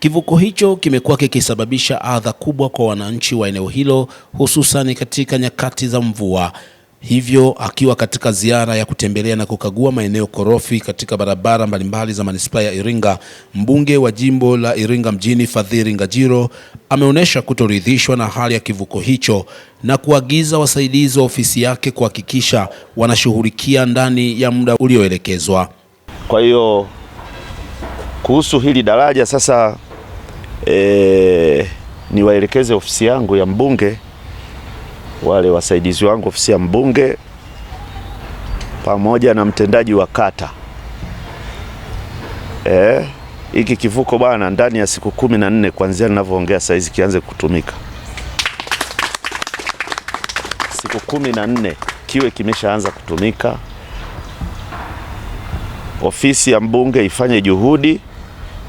Kivuko hicho kimekuwa kikisababisha adha kubwa kwa wananchi wa eneo hilo hususan katika nyakati za mvua. Hivyo akiwa katika ziara ya kutembelea na kukagua maeneo korofi katika barabara mbalimbali za manispaa ya Iringa, mbunge wa jimbo la Iringa mjini Fadhili Ngajilo ameonyesha kutoridhishwa na hali ya kivuko hicho na kuagiza wasaidizi wa ofisi yake kuhakikisha wanashughulikia ndani ya muda ulioelekezwa. Kwa hiyo kuhusu hili daraja sasa, e, niwaelekeze ofisi yangu ya mbunge, wale wasaidizi wangu ofisi ya mbunge pamoja na mtendaji wa kata eh, hiki e, kivuko bwana, ndani ya siku kumi na nne kuanzia ninavyoongea saa hizi kianze kutumika, siku kumi na nne kiwe kimeshaanza kutumika. Ofisi ya mbunge ifanye juhudi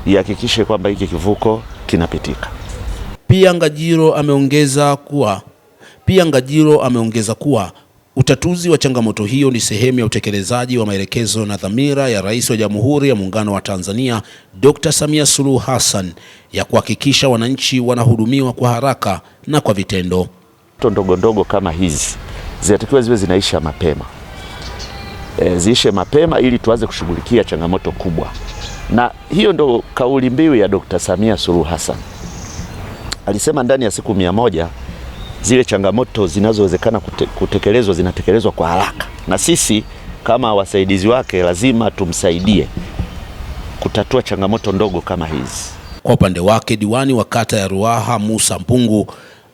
ihakikishe kwamba hiki kivuko kinapitika. Pia Ngajilo ameongeza kuwa pia Ngajilo ameongeza kuwa utatuzi wa changamoto hiyo ni sehemu ya utekelezaji wa maelekezo na dhamira ya Rais wa Jamhuri ya Muungano wa Tanzania Dr. Samia Suluhu Hassan ya kuhakikisha wananchi wanahudumiwa kwa haraka na kwa vitendo. Ndogo ndogo kama hizi zinatakiwa ziwe zinaisha mapema, e, ziishe mapema ili tuanze kushughulikia changamoto kubwa na hiyo ndo kauli mbiu ya Dr. Samia Suluhu Hassan. Alisema ndani ya siku mia moja zile changamoto zinazowezekana kute, kutekelezwa zinatekelezwa kwa haraka, na sisi kama wasaidizi wake lazima tumsaidie kutatua changamoto ndogo kama hizi. Kwa upande wake, diwani wa kata ya Ruaha Musa Mpungu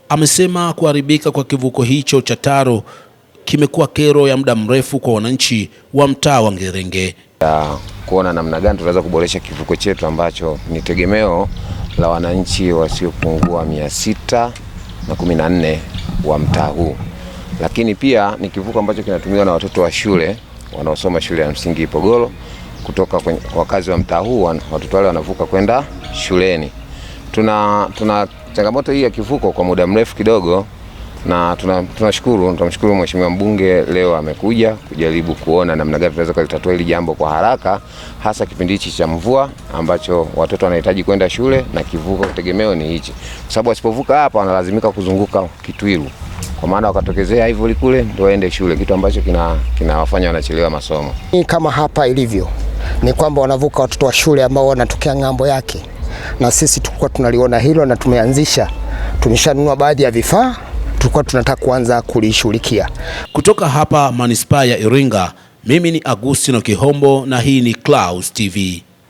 amesema kuharibika kwa kivuko hicho cha Taro kimekuwa kero ya muda mrefu kwa wananchi wa mtaa wa Ngerenge ya kuona namna gani tunaweza kuboresha kivuko chetu ambacho ni tegemeo la wananchi wasiopungua mia sita na kumi na nne wa mtaa huu, lakini pia ni kivuko ambacho kinatumiwa na watoto wa shule wanaosoma shule ya msingi Ipogolo kutoka kwenye, wakazi wa mtaa huu watoto wale wanavuka kwenda shuleni. Tuna, tuna changamoto hii ya kivuko kwa muda mrefu kidogo na tunashukuru, tunamshukuru mheshimiwa mbunge leo amekuja kujaribu kuona namna gani tunaweza kulitatua hili jambo kwa haraka, hasa kipindi hichi cha mvua ambacho watoto wanahitaji kwenda shule na kivuko tegemeo ni hichi, kwa sababu wasipovuka hapa wanalazimika kuzunguka Kitwiru, kwa maana wakatokezea hivyo kule ndio waende shule, kitu ambacho kinawafanya kina wanachelewa masomo. Kama hapa ilivyo ni kwamba wanavuka watoto wa shule ambao wanatokea ng'ambo yake, na sisi tulikuwa tunaliona hilo na tumeanzisha, tumeshanunua baadhi ya vifaa tulikuwa tunataka kuanza kulishughulikia. Kutoka hapa manispaa ya Iringa, mimi ni Agustino Kihombo na hii ni Clouds TV.